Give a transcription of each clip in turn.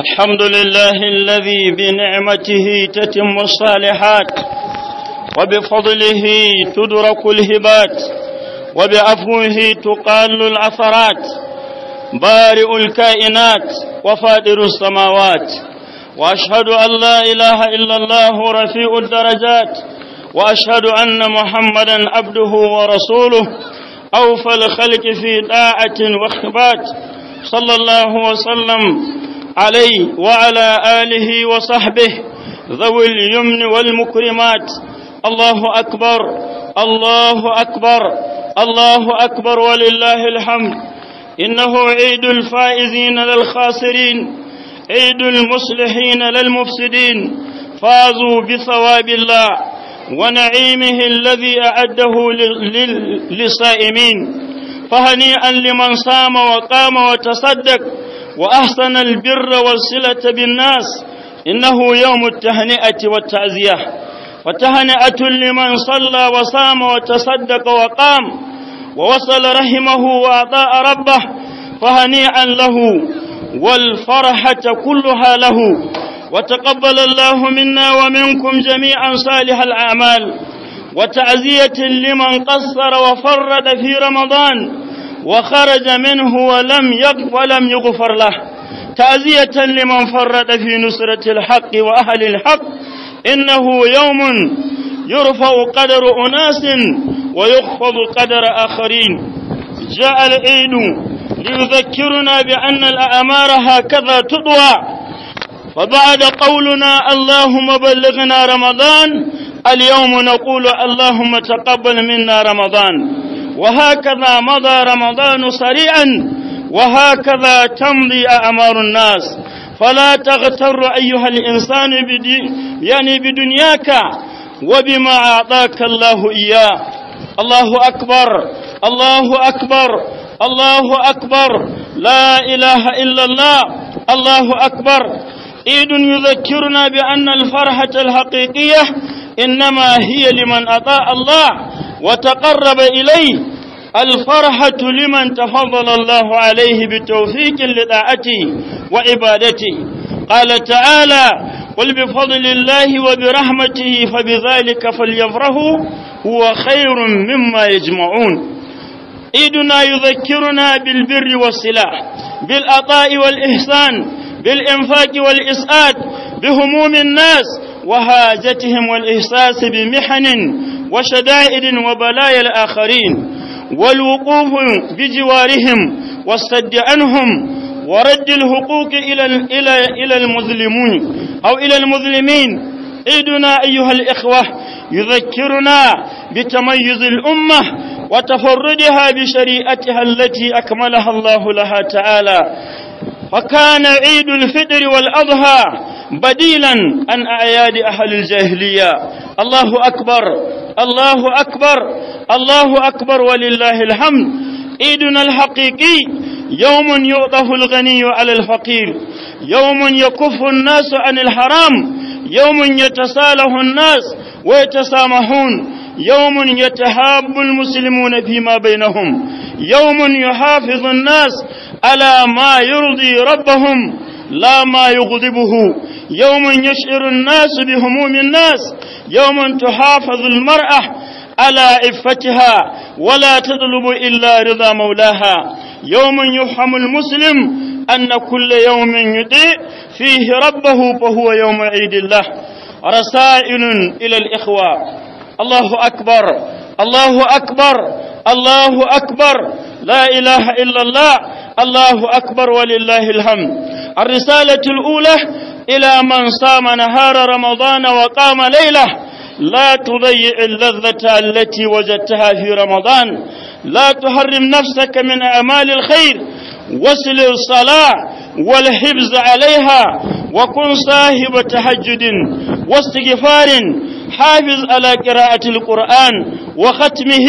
الحمد لله الذي بنعمته تتم الصالحات وبفضله تدرك الهبات وبعفوه تقال العثرات بارئ الكائنات وفادر السماوات وأشهد أن لا إله إلا الله رفيع الدرجات وأشهد أن محمدا عبده ورسوله أوفى الخلق في طاعة واخبات صلى الله وسلم عليه وعلى آله وصحبه ذوي اليمن والمكرمات الله أكبر الله أكبر الله أكبر ولله الحمد إنه عيد الفائزين للخاسرين عيد المصلحين للمفسدين فازوا بثواب الله ونعيمه الذي أعده للصائمين فهنيئا لمن صام وقام وتصدق وأحسن البر والصلة بالناس إنه يوم التهنئة والتعزية وتهنئة لمن صلى وصام وتصدق وقام ووصل رحمه وأطاع ربه فهنيئا له والفرحة كلها له وتقبل الله منا ومنكم جميعا صالح الأعمال وتعزية لمن قصر وفرد في رمضان وخرج منه ولم يغف ولم يغفر له تعزية لمن فرد في نصرة الحق وأهل الحق إنه يوم يرفع قدر أناس ويخفض قدر آخرين جاء العيد ليذكرنا بأن الأمار هكذا تطوى فبعد قولنا اللهم بلغنا رمضان اليوم نقول اللهم تقبل منا رمضان وهكذا مضى رمضان سريعا وهكذا تمضي أعمار الناس فلا تغتر أيها الإنسان يعني بدنياك وبما أعطاك الله إياه الله أكبر الله أكبر الله أكبر لا إله إلا الله الله أكبر عيد يذكرنا بأن الفرحة الحقيقية إنما هي لمن أطاع الله وتقرب إليه الفرحة لمن تفضل الله عليه بتوفيق لطاعته وعبادته قال تعالى قل بفضل الله وبرحمته فبذلك فليفرحوا هو خير مما يجمعون عيدنا يذكرنا بالبر والصلاة بالعطاء والإحسان بالإنفاق والإسعاد بهموم الناس وهاجتهم والإحساس بمحن وشدائد وبلايا الآخرين والوقوف بجوارهم والسد عنهم ورد الحقوق إلى إلى إلى المظلمون أو إلى المظلمين عيدنا أيها الإخوة يذكرنا بتميز الأمة وتفردها بشريعتها التي أكملها الله لها تعالى فكان عيد الفطر والأضحى بديلا عن أعياد أهل الجاهلية الله أكبر الله أكبر الله أكبر ولله الحمد عيدنا الحقيقي يوم يعطف الغني على الفقير يوم يكف الناس عن الحرام يوم يتصالح الناس ويتسامحون يوم يتحاب المسلمون فيما بينهم يوم يحافظ الناس على ما يرضي ربهم لا ما يغضبه يوم يشعر الناس بهموم الناس يوم تحافظ المرأة على إفتها ولا تطلب إلا رضا مولاها يوم يفهم المسلم أن كل يوم يضيء فيه ربه فهو يوم عيد الله رسائل إلى الإخوة الله أكبر الله أكبر الله أكبر لا إله إلا الله الله أكبر ولله الحمد الرسالة الأولى إلى من صام نهار رمضان وقام ليلة لا تضيع اللذة التي وجدتها في رمضان لا تحرم نفسك من أمال الخير وصل الصلاة والحفظ عليها وكن صاحب تهجد واستغفار حافظ على قراءة القرآن وختمه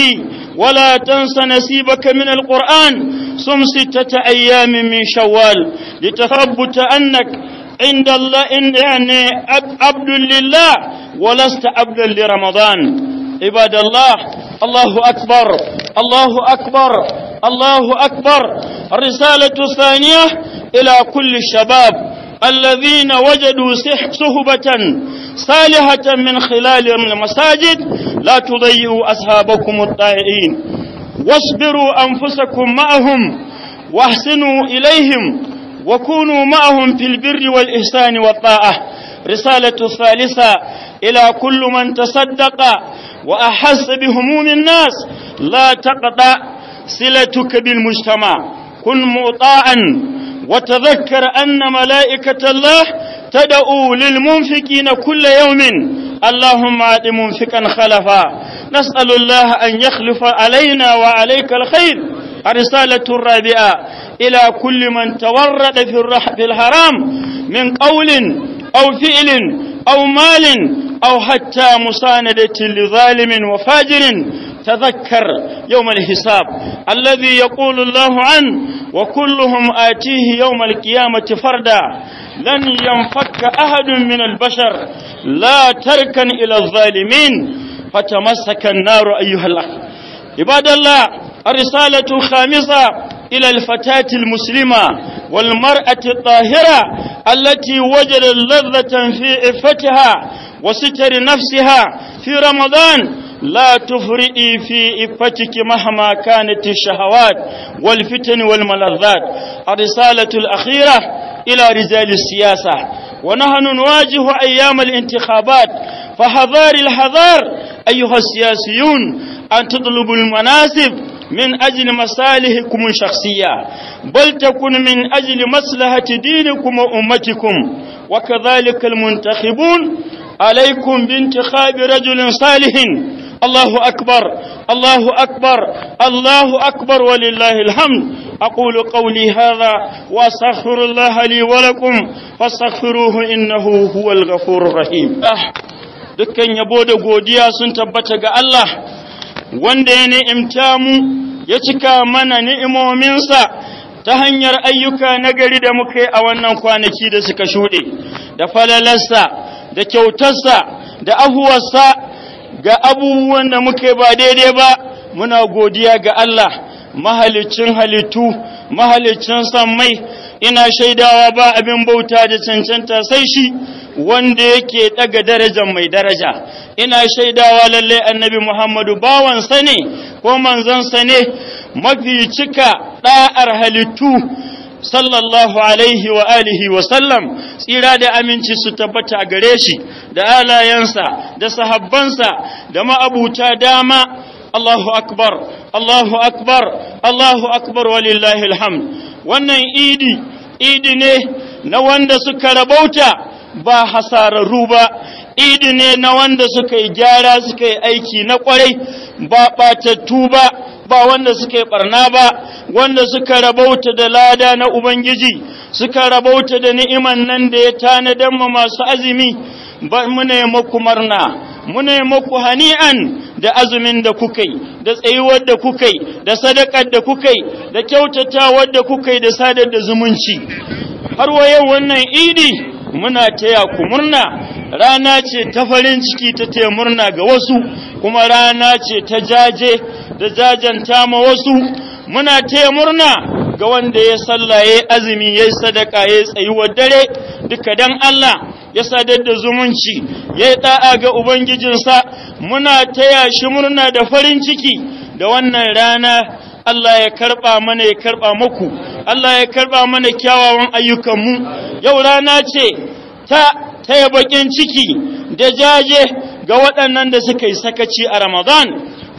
ولا تنس نسيبك من القرآن صم ستة أيام من شوال لتثبت أنك عند الله إن يعني عبد لله ولست عبدا لرمضان عباد الله الله أكبر الله أكبر الله أكبر الرسالة الثانية إلى كل الشباب الذين وجدوا صحبة صالحة من خلال المساجد لا تضيئوا أصحابكم الطائعين واصبروا أنفسكم معهم واحسنوا إليهم وكونوا معهم في البر والإحسان والطاعة رسالة الثالثة إلى كل من تصدق وأحس بهموم الناس لا تقطع صلتك بالمجتمع كن مطاعا وتذكر أن ملائكة الله تدعو للمنفقين كل يوم اللهم آت منفقا خلفا نسأل الله أن يخلف علينا وعليك الخير الرسالة الرابعة إلى كل من تورط في الحرام من قول أو فعل أو مال أو حتى مساندة لظالم وفاجر تذكر يوم الحساب الذي يقول الله عنه وكلهم آتيه يوم القيامة فردا لن ينفك أحد من البشر لا تركا إلى الظالمين فتمسك النار أيها الله عباد الله الرسالة الخامسة إلى الفتاة المسلمة والمرأة الطاهرة التي وجدت لذة في عفتها وستر نفسها في رمضان لا تفرئي في عفتك مهما كانت الشهوات والفتن والملذات الرسالة الأخيرة إلى رجال السياسة ونحن نواجه أيام الانتخابات فحذار الحذار أيها السياسيون أن تطلبوا المناسب من أجل مصالحكم الشخصية بل تكون من أجل مصلحة دينكم وأمتكم وكذلك المنتخبون عليكم بانتخاب رجل صالح الله أكبر الله أكبر الله أكبر ولله الحمد أقول قولي هذا وأستغفر الله لي ولكم فاستغفروه إنه هو الغفور الرحيم dukkan yabo da godiya sun tabbata ga Allah wanda ya ni'imta mu ya cika mana ni'imominsa ta hanyar ayyuka nagari da muka yi a wannan kwanaki da suka shuɗe da falalarsa da kyautarsa da ahuwarsa ga abubuwan da muka ba daidai ba muna godiya ga Allah mahalicin halittu mahalicin sammai ina shaidawa ba abin bauta da cancanta sai shi wanda yake daga darajar mai daraja ina shaidawa lalle annabi Muhammadu bawansa ne ko manzansa ne mafi cika da'ar halittu sallallahu alaihi wa alihi wa sallam tsira da aminci su tabbata a gare shi da alayensa, da sahabbansa da ma'abuta dama Allahu akbar Allahu akbar Allahu akbar walillahi alhamd wannan idi idi ne na wanda suka rabauta ba hasararru ba idi ne na wanda suka yi gyara suka yi aiki na kwarai ba ɓatattu ba ba wanda suka yi barna ba wanda suka rabauta da lada na ubangiji suka rabauta da ni'iman nan da ya tanadan mu masu azumi ba mu ne muku marna muna maku hani'an da azumin da kukai da tsayuwar da kukai da sadakar da kukai da kyautatawar da kukai da sadar da zumunci har wa yau wannan idi muna taya ku murna rana ce ta farin ciki ta taya murna ga wasu kuma rana ce ta jaje da jajanta ma wasu muna taya murna ga wanda ya sallaye azumi ya sadaka ya tsayuwar dare duka dan Allah ya sadar da zumunci ya yi ɗa'a ga Ubangijinsa muna taya shi murna da farin ciki da wannan rana Allah ya karba mana ya karba maku Allah ya karba mana kyawawan ayyukanmu yau rana ce ta taya bakin ciki da jaje ga waɗannan da suka yi sakaci a Ramadan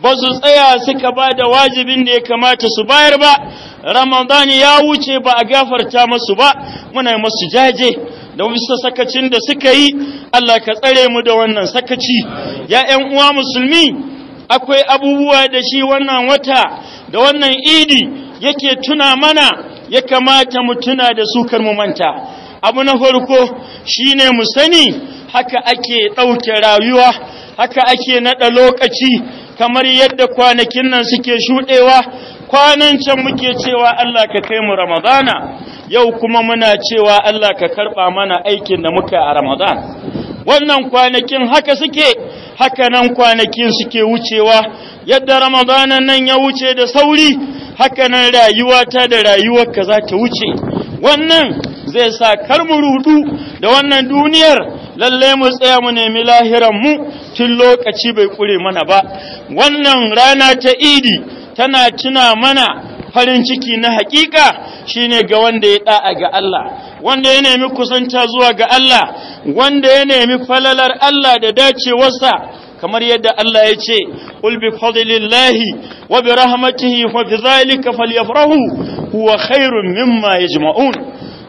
ba su tsaya suka ba da wajibin da ya kamata su bayar ba Ramadan ya wuce ba a gafarta masu ba muna masu jaje da wasu sakacin da suka yi Allah ka tsare mu da wannan sakaci ya ƴan uwa musulmi akwai abubuwa da shi wannan wata da wannan idi yake tuna mana ya kamata mu tuna da su kar mu manta abu na farko shine mu sani haka ake ɗauke rayuwa haka ake naɗa lokaci kamar yadda kwanakin nan suke shuɗewa kwanan can muke cewa Allah ka kai mu Ramadana yau kuma muna cewa Allah ka karɓa mana aikin da muka a Ramadan wannan kwanakin haka suke haka nan kwanakin suke wucewa yadda ramadanan nan ya wuce da sauri haka nan rayuwata da rayuwarka za ta wuce wannan zai sa kar mu rudu da wannan duniyar lallai mu tsaya mu nemi lahiran mu tun lokaci bai kure mana ba wannan rana ta idi tana tuna mana farin ciki na hakika shine ga wanda ya ɗa'a ga Allah wanda ya nemi kusanta zuwa ga Allah wanda ya nemi falalar Allah da dacewarsa kamar yadda Allah ya ce qul bi wa bi rahmatihi fa bi zalika falyafrahu huwa khairun mimma yajma'un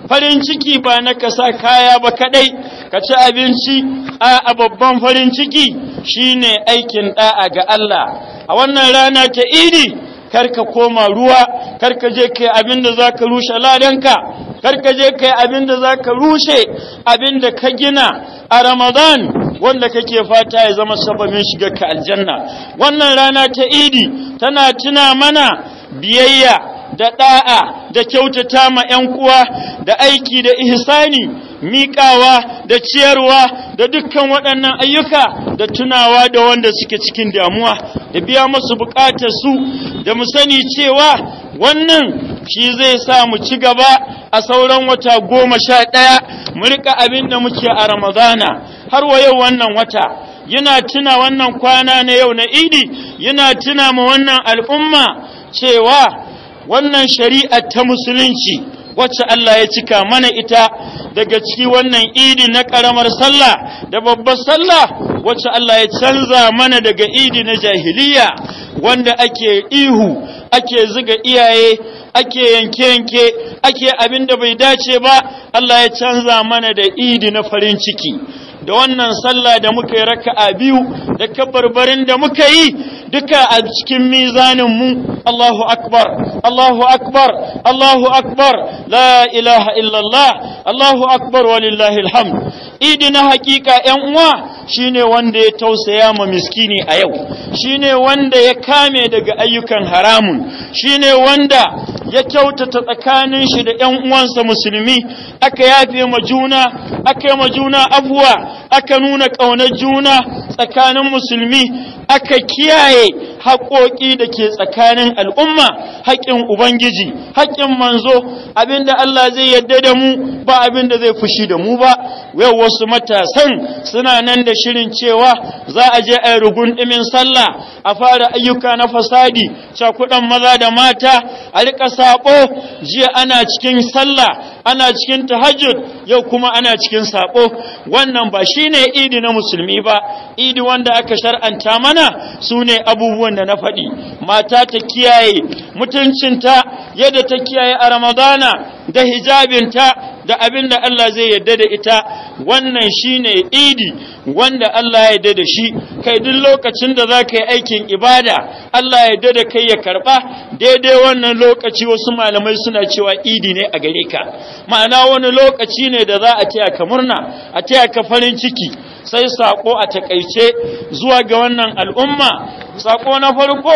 farin ciki ba na ka sa kaya ba kaɗai, ka ci abinci a babban farin ciki shine aikin ɗa'a ga Allah a wannan rana ta idi karka koma ruwa karka je kai abin da zaka rushe ladanka karka je kai abin da zaka rushe abin da ka gina a Ramadan wanda kake fata ya zama sababin shiga ka aljanna wannan rana ta Idi tana tuna mana biyayya da da'a da kyautata ma 'yan kuwa da aiki da ihsani miƙawa da ciyarwa da dukkan waɗannan ayyuka da tunawa da wanda suke cikin damuwa da biya masu buƙatar su da mu sani cewa wannan shi zai sa mu ci gaba a sauran wata goma sha ɗaya mu riƙa abin da muke a ramadana har wa yau wannan wata yana tuna wannan kwana na yau na idi yana tuna ma wannan al'umma cewa wannan shari'ar ta musulunci wacce Allah ya cika mana ita daga ciki wannan idi na ƙaramar sallah da babbar sallah wacce Allah ya canza mana daga idi na jahiliya wanda ake ihu ake zuga iyaye ake yanke-yanke ake abin da bai dace ba Allah ya canza mana da idi na farin ciki da wannan sallah da muka yi raka'a biyu da kabarbarin da muka yi duka a cikin mizanin mu Allahu akbar Allahu akbar Allahu akbar la ilaha illallah Allahu akbar walillahi alhamd idi na hakika yan uwa shine wanda ya tausaya ma miskini a yau shine wanda ya kame daga ayyukan haramun shine wanda ya kyautata tsakanin shi da yan uwansa musulmi aka yafe ma juna aka yi ma juna abuwa aka nuna ƙaunar juna tsakanin musulmi aka kiyaye haƙoƙi da ke tsakanin al'umma haƙƙin ubangiji haƙƙin manzo abinda Allah zai yarda da mu ba abinda zai fushi da mu ba yau wasu matasan suna nan da shirin cewa za a je a rugun ɗimin sallah a fara ayyuka na fasadi cakuɗan maza da mata a riƙa saƙo jiya ana cikin sallah ana cikin tahajjud yau kuma ana cikin sabo wannan ba shine idi na musulmi ba idi wanda aka shar'anta mana sune abubuwan da na faɗi mata ta kiyaye mutuncinta yadda ta kiyaye a ramadana da hijabinta da abin da Allah zai yarda da ita wannan shine idi wanda Allah ya yarda da shi kai duk lokacin da za ka yi aikin ibada Allah ya yarda da kai ya karba daidai wannan lokaci wasu malamai suna cewa idi ne a gare ka ma'ana wani lokaci ne da za a taya ka murna a taya ka farin ciki sai sako a takaice zuwa ga wannan al'umma sako na farko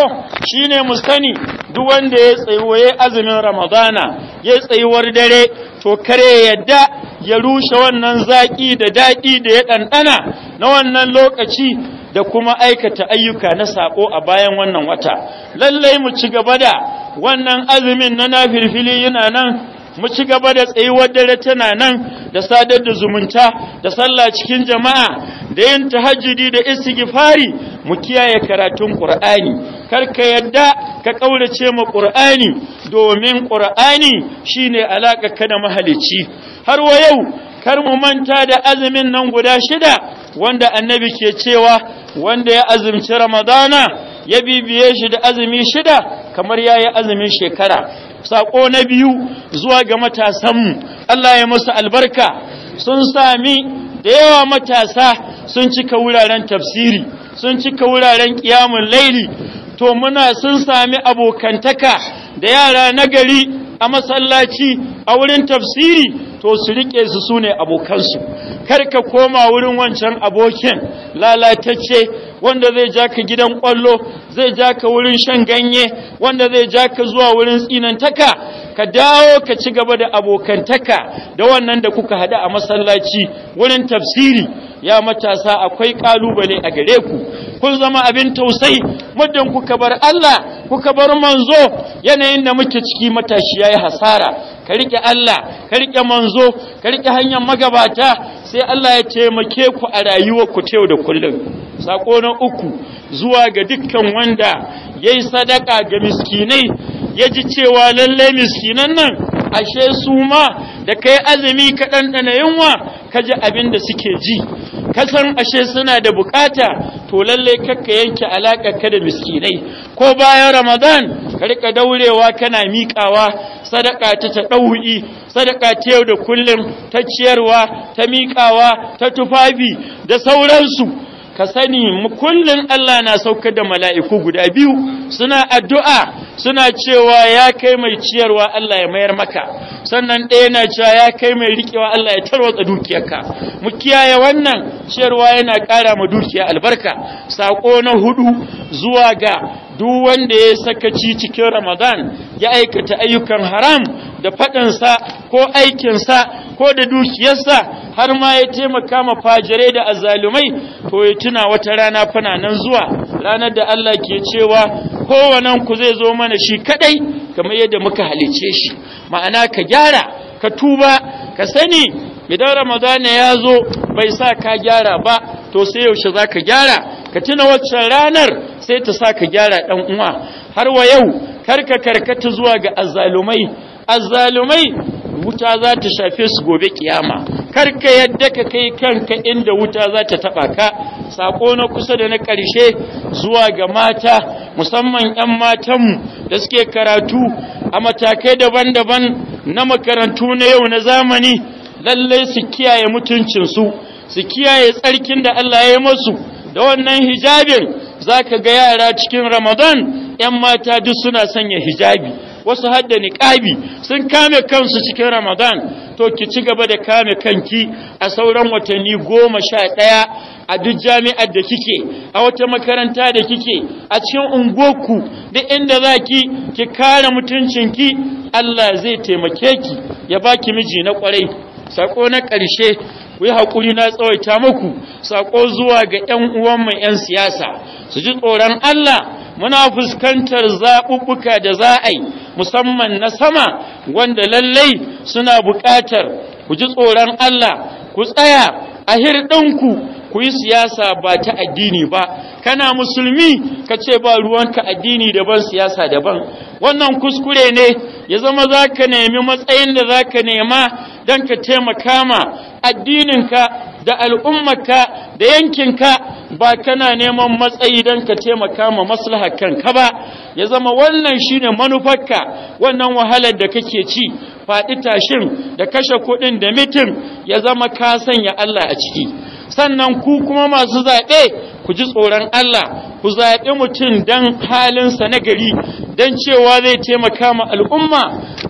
shine mu sani duk wanda ya tsayoye azumin ramadana ya tsayuwar dare to kare yadda ya rushe wannan zaƙi da daƙi da ya ɗanɗana na wannan lokaci da kuma aikata ayyuka na saƙo a bayan wannan wata lallai mu ci gaba da wannan azumin na nafirfili yana nan mu ci gaba da tsayuwar dare tana nan da sadar da zumunta da sallah cikin jama'a da yin tahajjudi da istighfari mu kiyaye karatun Qur'ani karka yadda ka kaurace ma qur'ani domin qur'ani shine alaka ka da mahalici har wa yau kar mu manta da azumin nan guda shida wanda annabi ke cewa wanda ya azumci ramadana ya bibiye shi da azumi shida kamar ya yi azumin shekara saƙo na biyu zuwa ga matasanmu Allah ya musu albarka sun sami da yawa matasa sun cika wuraren tafsiri sun cika wuraren ƙiyamun laili to muna sun sami abokantaka da yara nagari a masallaci a wurin tafsiri to su rike su sune abokansu kar ka koma wurin wancan abokin lalatacce wanda zai ja ka gidan kwallo zai ja ka wurin shan ganye wanda zai ja ka zuwa wurin tsinantaka ka dawo ka ci gaba da abokantaka da wannan da kuka hada a masallaci wurin tafsiri ya matasa akwai kalubale a gare ku kun zama abin tausayi muddin kuka bar Allah kuka bar manzo yanayin da muke ciki matashi yayi hasara ka rike Allah ka rike manzo ka rike hanyar magabata sai Allah ya taimake ku a rayuwar ku ta yau da kullum sako na uku zuwa ga dukkan wanda yayi sadaka ga miskinai yaji cewa lalle miskinan nan ashe su ma da kai azumi ka ɗanɗana yunwa ka ji abin da suke ji kasan ashe suna da bukata to lalle kakka yanke alaƙa ka da miskinai ko bayan ramadan ka rika daurewa kana miƙawa sadaka ta ta ɗau'i sadaka ta yau da kullum ta ciyarwa ta miƙawa ta tufafi da sauransu ka sani kullum Allah na saukar da mala'iku guda biyu suna addu'a suna cewa ya kai mai ciyarwa Allah ya mayar maka sannan ɗaya na cewa ya kai mai riƙewa Allah ya tarwatsa dukiyarka mu kiyaye wannan ciyarwa yana ƙara ma dukiya albarka saƙo na hudu zuwa ga duk wanda ya sakaci cikin ramadan ya aikata ayyukan haram da faɗansa ko aikinsa ko da dukiyarsa har ma ya taimaka ma fajirai da azalumai to ya tuna wata rana fana nan zuwa ranar da Allah ke cewa kowanan ku zai zo mana shi kadai kamar yadda muka halice shi ma'ana ka gyara ka tuba ka sani idan ramadana ya zo bai sa ka gyara ba to sai yaushe za ka gyara ka tuna waccan ranar sai ta sa ka gyara ɗan uwa har wa yau karka karkata zuwa ga azzalumai azzalumai wuta za ta shafe su gobe kiyama karka yadda ka kai kanka inda wuta za ta taba ka saƙo na kusa da na ƙarshe zuwa ga mata musamman 'yan matanmu da suke karatu a matakai daban-daban na makarantu na yau na zamani lallai su kiyaye mutuncinsu su kiyaye tsarkin da Allah ya yi masu da wannan hijabin za ka ga yara cikin ramadan 'yan mata duk suna sanya hijabi wasu hadda niƙabi sun kame kansu cikin ramadan to ki ci gaba da kame kanki a sauran watanni goma sha ɗaya a duk jami'ar da kike a wata makaranta da kike a cikin unguwarku da inda za ki ki kare mutuncinki allah zai taimake ki ya baki miji na ƙwarai sako na ƙarshe ku yi haƙuri na tsawaita muku saƙo zuwa ga 'yan uwanmu 'yan siyasa su ji tsoron Allah muna fuskantar zaɓuɓɓuka da za a yi musamman na sama wanda lallai suna buƙatar ku ji tsoron Allah ku tsaya a hirɗinku ku yi siyasa ba ta addini ba kana musulmi ka ce ba ruwanka addini daban siyasa daban wannan kuskure ne ya zama za ka nemi matsayin da za ka nema don ka taimaka ma addininka da al'ummarka da yankinka ba kana neman matsayi don ka taimaka ma maslahar kanka ba ya zama wannan shine manufarka wannan wahalar da kake ci faɗi tashin da kashe kuɗin da mitin ya zama ka sanya Allah a ciki sannan ku kuma masu zaɓe ku ji tsoron Allah ku zaɓi mutum don halinsa na gari don cewa zai taimaka ma al'umma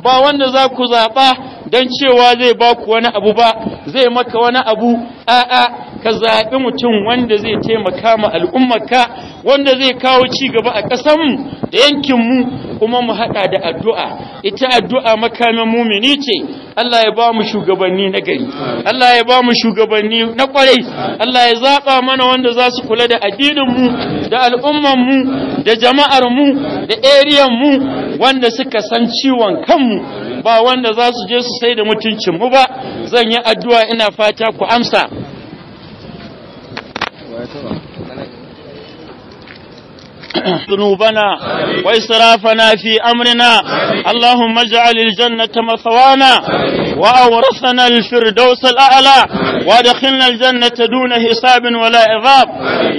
ba wanda za ku zaɓa don cewa zai ba ku wani abu ba zai maka wani abu a'a ka zaɓi mutum wanda zai taimaka ma al'ummarka wanda zai kawo ci gaba a ƙasanmu da yankin mu kuma mu haɗa da addu'a ita addu'a makamin mumini ce Allah ya ba mu shugabanni na gari Allah ya ba mu shugabanni na ƙwarai Allah ya zaɓa mana wanda za su kula da addinin mu, da mu, da jama'ar mu, da mu, wanda suka san ciwon kanmu ba wanda za su je su sai da mutuncin mu ba zan yi addu'a ina fata ku amsa ذنوبنا وإسرافنا في أمرنا اللهم اجعل الجنة مثوانا وأورثنا الفردوس الأعلى وادخلنا الجنة دون حساب ولا عذاب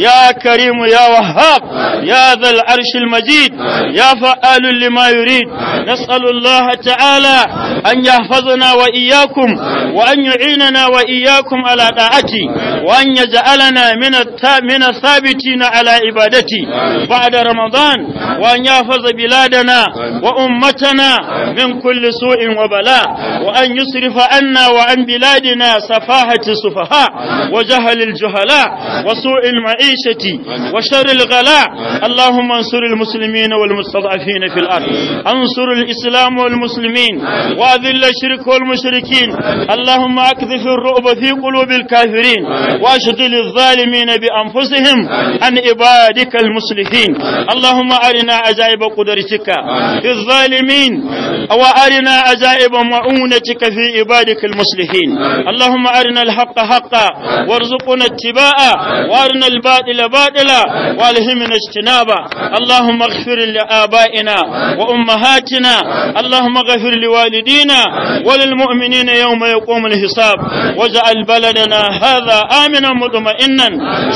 يا كريم يا وهاب يا ذا العرش المجيد يا فعال لما يريد نسأل الله تعالى أن يحفظنا وإياكم وأن يعيننا وإياكم على طاعته وأن يجعلنا من الثابتين على عبادته بعد رمضان وأن يحفظ بلادنا وأمتنا من كل سوء وبلاء وأن يصرف عنا وعن بلادنا سفاهة السفهاء وجهل الجهلاء وسوء المعيشة وشر الغلاء اللهم انصر المسلمين والمستضعفين في الأرض انصر الإسلام والمسلمين وأذل الشرك والمشركين اللهم أكذف الرؤب في قلوب الكافرين واشغل الظالمين بأنفسهم عن عبادك المصلحين الظالمين اللهم أرنا عجائب قدرتك في الظالمين وأرنا عجائب معونتك في عبادك المصلحين اللهم أرنا الحق حقا وارزقنا اتباعه وأرنا الباطل باطلا والهمنا اجتنابا اللهم اغفر لآبائنا وأمهاتنا اللهم اغفر لوالدينا وللمؤمنين يوم يقوم الحساب واجعل بلدنا هذا آمنا مطمئنا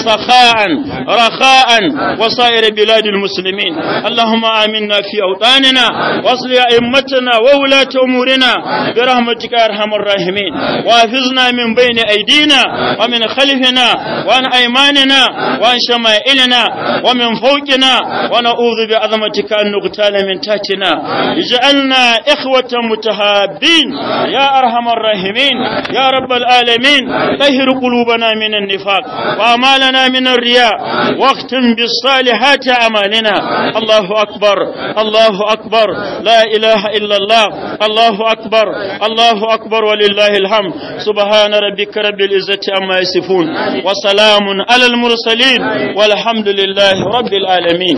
سخاء رخاء وصائر بلاد بلاد المسلمين اللهم آمنا في أوطاننا واصل أئمتنا وولاة أمورنا برحمتك يا أرحم الراحمين وافزنا من بين أيدينا ومن خلفنا وعن أيماننا وعن شمائلنا ومن فوقنا ونعوذ بعظمتك أن نغتال من تحتنا اجعلنا إخوة متهابين يا أرحم الراحمين يا رب العالمين طهر قلوبنا من النفاق وأمالنا من الرياء واختم بالصالحات أعمالنا الله أكبر الله أكبر لا إله إلا الله الله أكبر الله أكبر ولله الحمد سبحان ربك رب العزة عما يصفون وسلام على المرسلين والحمد لله رب العالمين